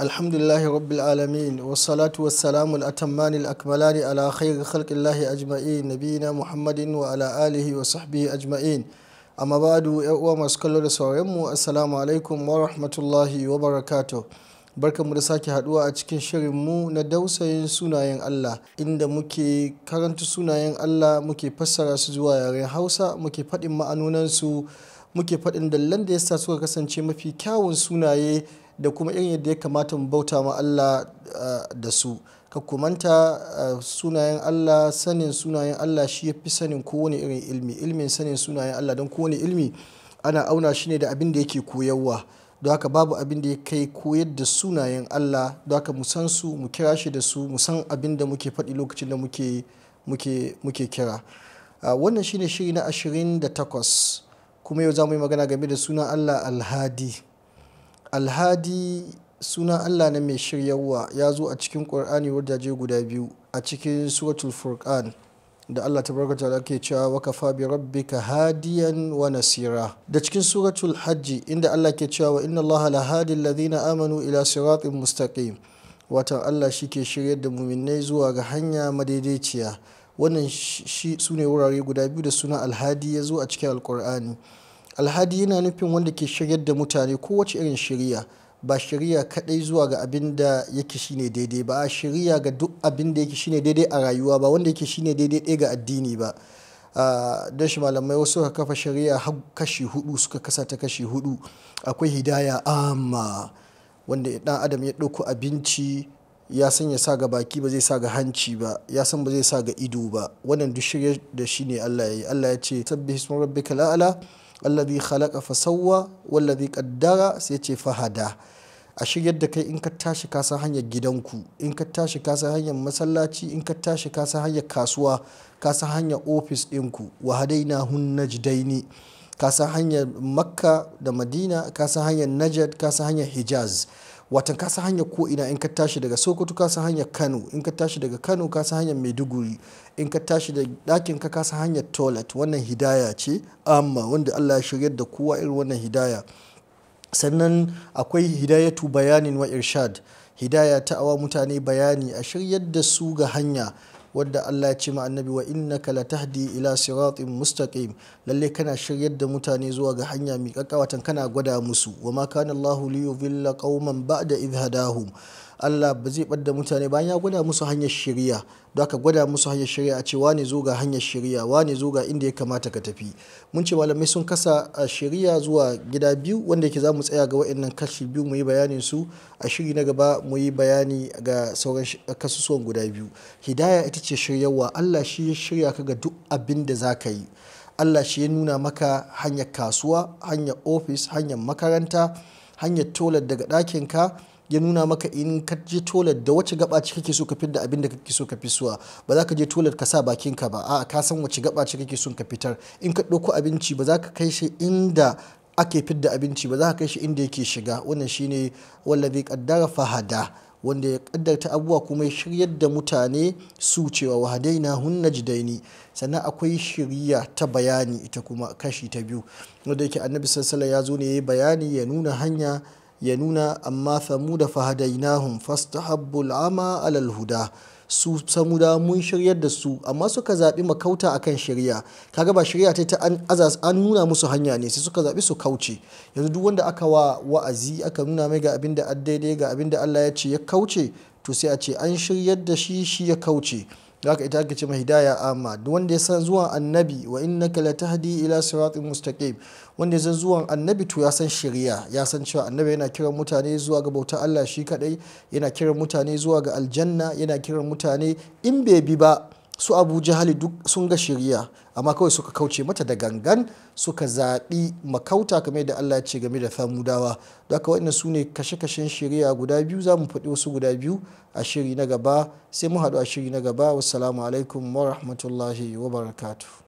الحمد لله رب العالمين والصلاة والسلام الأتمان الأكملان على خير خلق الله أجمعين نبينا محمد وعلى آله وصحبه أجمعين أما بعد يقوى مسكالو رسوارمو السلام عليكم ورحمة الله وبركاته barkanmu da sake haduwa a cikin shirinmu na dausayin sunayen Allah inda muke karanta sunayen Allah muke fassara su zuwa yaren Hausa muke faɗin ma'anonansu su muke faɗin dallan da yasa suka kasance mafi kyawun sunaye da kuma irin yadda ya kamata mu bauta ma Allah eh, da su ka kumanta eh, sunayen Allah sanin sunayen Allah shi ya fi sanin kowane irin ilmi ilmin sanin sunayen Allah don kowane ilmi ana auna shi ne da abin da yake koyarwa don haka babu abin da ya kai koyar da sunayen Allah don haka mu san su mu kira shi da su mu san abin da muke faɗi lokacin da muke kira eh, wannan shine shiri na 28 kuma yau za mu yi magana game da sunan Allah alhadi alhadi sunan Allah na mai shiryarwa ya zo a cikin ƙur'ani wajaje guda biyu a cikin suratul furqan da Allah ta barkata da ke cewa wa kafa rabbi ka hadiyan wa nasira da cikin suratul hajji inda Allah ke cewa wa inna Allah la hadi alladhina amanu ila siratin mustaqim wata Allah shi ke shiryar da muminai zuwa ga hanya madaidaiciya wannan shi su ne wurare guda biyu da suna alhadi ya zo a cikin alkur'ani alhadi yana nufin wanda ke shiryar da mutane kowace irin shiriya ba shiriya kadai zuwa ga abin da yake shine daidai ba a shiriya ga duk abin da yake shine daidai a rayuwa ba wanda yake shine daidai ɗaya ga addini ba don shi malamai wasu ka kafa shari'a kashi hudu suka kasa ta kashi hudu akwai hidaya amma wanda dan adam ya ɗauko abinci ya san ya sa ga baki ba zai sa ga hanci ba ya san ba zai sa ga ido ba wannan duk shirye da shi ne Allah ya yi Allah ya ce sabbi hismu rabbika la'ala alladhi khalaqa fa sawwa walladhi qaddara sai ce fahada a shiryar da kai in ka tashi ka san hanyar gidanku in ka tashi ka san hanyar masallaci in ka tashi ka san hanyar kasuwa ka san hanyar ofis ɗinku wa hadaina hun najdaini ka san hanyar makka da madina ka san hanyar najad ka san hanyar hijaz watan kasa san hanyar ko ina in ka tashi daga sokoto kasa san hanyar kano in ka tashi daga kano kasa san hanyar maiduguri in ka tashi da dakin ka san hanyar toilet wannan hidaya ce amma wanda allah ya shirya da kowa irin wannan hidaya sannan akwai hidayatu bayanin wa irshad hidaya ta awa mutane bayani a shiryar da su ga hanya wadda Allah ya ce ma annabi wa innaka latahdi ila siratin mustaqim lalle kana shiryar da mutane zuwa ga hanya miƙaƙƙa watan kana gwada musu wa ma kana Allahu liyudhilla qauman ba'da idh hadahum Allah ba zai ɓadda mutane bayan ya gwada musu hanyar shirya da aka gwada musu hanyar shirya a ce wani zo ga hanyar shirya wani zo ga inda ya kamata ka tafi mun ce malamai sun kasa a shirya zuwa gida biyu wanda yake za mu tsaya ga wa'annan kashi biyu mu yi bayanin su a shiri na gaba mu yi bayani ga sauran kasusuwan guda biyu hidaya ita ce shiryarwa Allah shi ya shirya ka ga duk abin da za ka yi Allah shi ya nuna maka hanyar kasuwa hanyar ofis hanyar makaranta hanyar tolar daga ɗakinka ya nuna maka in ka je toilet da wace gaba ce kake so ka fitar da abin da kake so ka fisuwa ba za ka je toilet ka sa bakin ka ba a'a ka san wace gaba ce kake so ka fitar in ka ɗauko abinci ba za ka kai shi inda ake da abinci ba za ka kai shi inda yake shiga wannan shine wallazi qaddara fahada wanda ya kaddarta abubuwa kuma ya shiryar da mutane su cewa wahadai na hunna daini sannan akwai shirya ta bayani ita kuma kashi ta biyu wanda yake annabi sassala ya zo ne ya yi bayani ya nuna hanya ya nuna amma samuda fahadainahum fastahabbul ama alal huda su samuda mun shiryar da su amma suka zaɓi makauta akan shirya kaga ba shirya ta ta an nuna musu hanya ne sai suka zaɓi su kauce yanzu duk wanda aka wa wa'azi aka nuna mai ga abin da ga abin da Allah ya ce ya kauce to sai a ce an shiryar da shi shi ya kauce zaka ita ake ce hidaya amma duk wanda ya san zuwan annabi wa innaka latahdi ila siratin mustaqim wanda ya san zuwan annabi to ya san shari'a ya san cewa annabi yana kiran mutane zuwa ga bautar Allah shi kadai yana kiran mutane zuwa ga aljanna yana kiran mutane in bai bi ba su abu jahali duk sun ga shirya amma kawai suka kauce mata da gangan suka zaɓi makauta kamar da allah ce game da famudawa da aka waɗannan su ne kashe-kashen shirya guda biyu za mu faɗi wasu guda biyu a shiri na gaba sai mu haɗu a shiri na gaba wassalamu alaikum wa rahmatullahi wa barakatuh